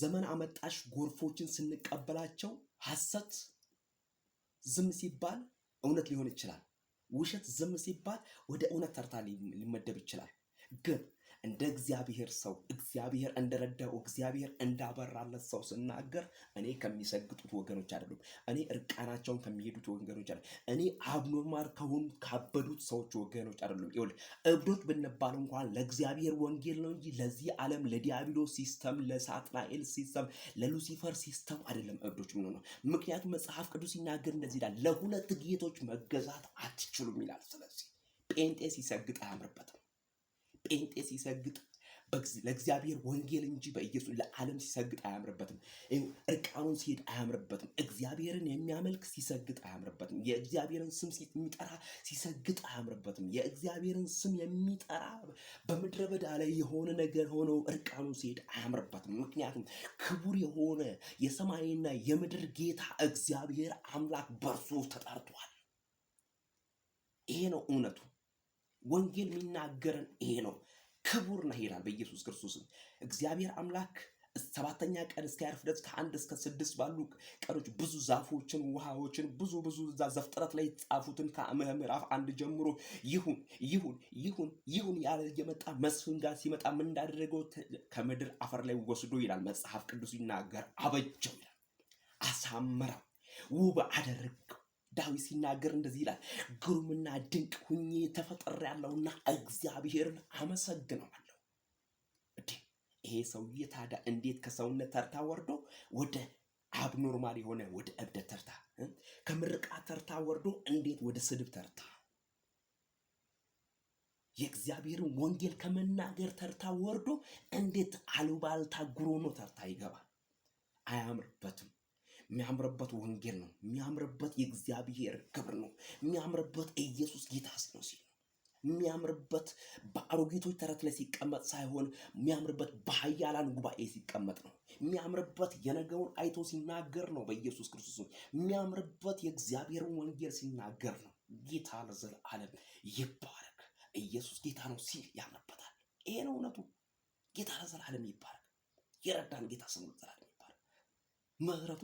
ዘመን አመጣሽ ጎርፎችን ስንቀበላቸው ሐሰት ዝም ሲባል እውነት ሊሆን ይችላል። ውሸት ዝም ሲባል ወደ እውነት ተርታ ሊመደብ ይችላል። ግን እንደ እግዚአብሔር ሰው እግዚአብሔር እንደረዳው እግዚአብሔር እንዳበራለት ሰው ስናገር እኔ ከሚሰግጡት ወገኖች አይደሉም። እኔ እርቃናቸውን ከሚሄዱት ወገኖች አይደሉም። እኔ አብኖርማል ከሆኑ ካበዱት ሰዎች ወገኖች አይደሉም። ይኸውልህ እብዶች ብንባል እንኳን ለእግዚአብሔር ወንጌል ነው እንጂ ለዚህ ዓለም ለዲያብሎ ሲስተም፣ ለሳጥናኤል ሲስተም፣ ለሉሲፈር ሲስተም አይደለም እብዶች ምንሆነው። ምክንያቱም መጽሐፍ ቅዱስ ሲናገር እንደዚህ ይላል፣ ለሁለት ጌቶች መገዛት አትችሉም ይላል። ስለዚህ ጴንጤ ሲሰግጥ አያምርበትም። ጴንጤ ሲሰግጥ ለእግዚአብሔር ወንጌል እንጂ በኢየሱስ ለዓለም ሲሰግጥ አያምርበትም። እርቃኑን ሲሄድ አያምርበትም። እግዚአብሔርን የሚያመልክ ሲሰግጥ አያምርበትም። የእግዚአብሔርን ስም የሚጠራ ሲሰግጥ አያምርበትም። የእግዚአብሔርን ስም የሚጠራ በምድረ በዳ ላይ የሆነ ነገር ሆነው እርቃኑን ሲሄድ አያምርበትም። ምክንያቱም ክቡር የሆነ የሰማይና የምድር ጌታ እግዚአብሔር አምላክ በእርሱ ተጠርቷል። ይሄ ነው እውነቱ። ወንጌል የሚናገረን ይሄ ነው። ክቡር ነህ ይላል በኢየሱስ ክርስቶስም እግዚአብሔር አምላክ ሰባተኛ ቀን እስኪያርፍ ድረስ ከአንድ እስከ ስድስት ባሉ ቀኖች ብዙ ዛፎችን፣ ውሃዎችን ብዙ ብዙ ዘፍጥረት ላይ የተጻፉትን ከምዕራፍ አንድ ጀምሮ ይሁን ይሁን ይሁን ይሁን ያለ የመጣ መስፍን ጋር ሲመጣ ምን እንዳደረገው ከምድር አፈር ላይ ወስዶ ይላል መጽሐፍ ቅዱስ ይናገር አበጀው ይላል አሳምረው ውብ አደረገው ዳዊት ሲናገር እንደዚህ ይላል፣ ግሩምና ድንቅ ሁኜ ያለውና እግዚአብሔርን አመሰግነዋለሁ። ይሄ ሰውዬ ታዲያ እንዴት ከሰውነት ተርታ ወርዶ ወደ አብኖርማል የሆነ ወደ እብደት ተርታ፣ ከምርቃ ተርታ ወርዶ እንዴት ወደ ስድብ ተርታ፣ የእግዚአብሔርን ወንጌል ከመናገር ተርታ ወርዶ እንዴት አሉባልታ ጉሮኖ ተርታ ይገባል? አያምርበትም። የሚያምርበት ወንጌል ነው። የሚያምርበት የእግዚአብሔር ክብር ነው። የሚያምርበት ኢየሱስ ጌታ ነው ሲል የሚያምርበት በአሮጌቶች ተረት ላይ ሲቀመጥ ሳይሆን የሚያምርበት በኃያላን ጉባኤ ሲቀመጥ ነው። የሚያምርበት የነገውን አይቶ ሲናገር ነው። በኢየሱስ ክርስቶስ የሚያምርበት የእግዚአብሔርን ወንጌል ሲናገር ነው። ጌታ ለዘለዓለም ይባረክ። ኢየሱስ ጌታ ነው ሲል ያምርበታል። ይሄ ነው እውነቱ። ጌታ ለዘለዓለም ይባረክ። የረዳን ጌታ ስሙ ለዘለዓለም ይባረክ። ምሕረቱ